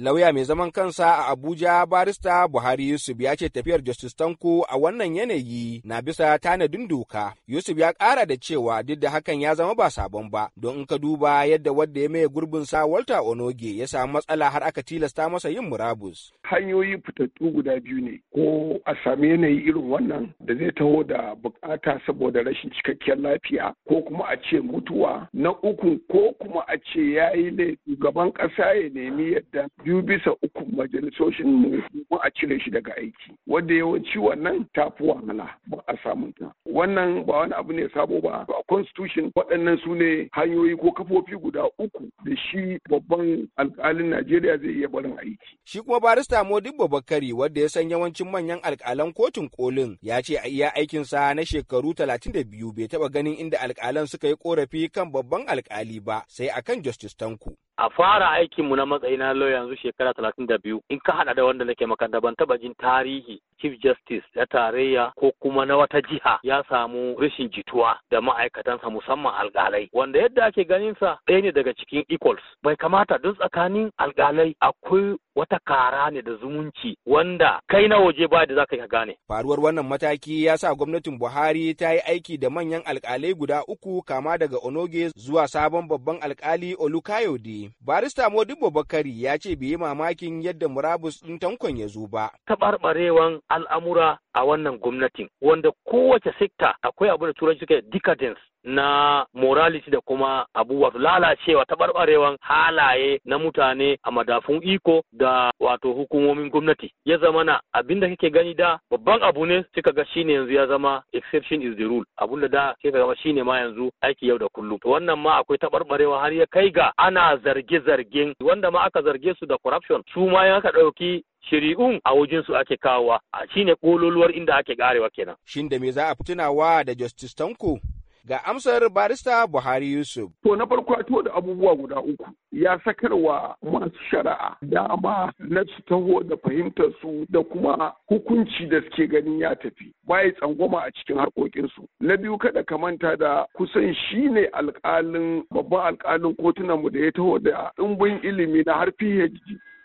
Lauya mai zaman kansa a Abuja barista Buhari Yusuf ya ce tafiyar Justice Tanko a wannan yanayi na bisa tanadin doka. Yusuf ya ƙara da cewa duk da hakan ya zama ba sabon ba don in ka duba yadda wadda ya maye gurbin sa Walter Onoge ya samu matsala har aka tilasta masa yin murabus. Hanyoyi fitattu guda biyu ne ko a sami yanayi irin wannan da zai taho da bukata saboda rashin cikakken lafiya ko kuma a ce mutuwa na uku ko kuma a ce ya yi laifi gaban ƙasa ya nemi yadda biyu bisa uku majalisoshin mu kuma a cire shi daga aiki wanda yawanci wannan ta fi wahala ba a samun ta wannan ba wani abu ne sabo ba a constitution waɗannan su ne hanyoyi ko kafofi guda uku da shi babban alkalin Najeriya zai iya barin aiki shi kuma barista Modibbo Bakari wanda ya san yawancin manyan alkalan kotun kolin ya ce a iya aikin sa na shekaru talatin da biyu bai taɓa ganin inda alkalan suka yi ƙorafi kan babban alƙali ba sai akan Justice Tanku a fara aikinmu na matsayi na lauya yanzu shekara talatin da biyu in ka haɗa da wanda nake makaranta ban taɓa jin tarihi chief justice ya tarayya ko kuma na wata jiha ya samu rashin jituwa da ma'aikatansa musamman alkalai wanda yadda ake ganin sa ɗaya ne daga cikin equals bai kamata don tsakanin alkalai akwai wata kara ne da zumunci wanda kai na waje ba da za ka gane. Faruwar wannan mataki ya sa gwamnatin Buhari ta yi aiki da manyan alkalai guda uku kama daga Onoge zuwa sabon babban alkali Olukayode. Barista Modibo Bakari ya ce bai yi mamakin yadda murabus ɗin tankon ya zo ba. Taɓarɓarewan al'amura a wannan gwamnatin wanda kowace sekta akwai abu da turanci suke decadence na morality da kuma abu wato lalacewa taɓarɓarewan halaye na mutane a madafun iko da wato hukumomin gwamnati ya zama na abin da kake gani da babban abu ne suka ga shine yanzu ya zama exception is the rule abun da da kika ga shine ma yanzu aiki yau da kullum to wannan ma akwai taɓarɓarewa har ya kai ga ana zarge-zargen wanda ma aka zarge su da corruption su ma ya ka ɗauki shiri'un a wajen su ake kawowa A shine ƙololuwar inda ake karewa kenan shin da me za a tunawa da justice tanko Ga amsar barista Buhari Yusuf. To na farko a da abubuwa guda uku ya sakarwa masu shari'a dama na su taho da fahimtar su da kuma hukunci da suke ganin ya tafi baya tsangwama a cikin harkokinsu. Na biyu kada ka manta da kusan shi ne alƙalin babban alkalin kotunan mu da ya taho da ɗumbin ilimi na har PhD.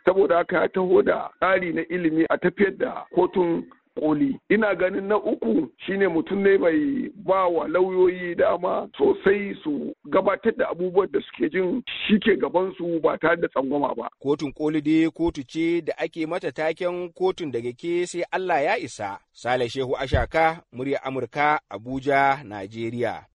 saboda haka ya taho da tsari na ilimi a tafiyar da kotun koli ina ganin na uku shine mutum ne mai ba wa lauyoyi dama sosai su gabatar da abubuwan da suke jin shike ke su ba tare da tsangwama ba kotun koli dai kotu ce da ake mata taken kotun daga ke sai Allah ya isa sale shehu ashaka murya amurka abuja najeriya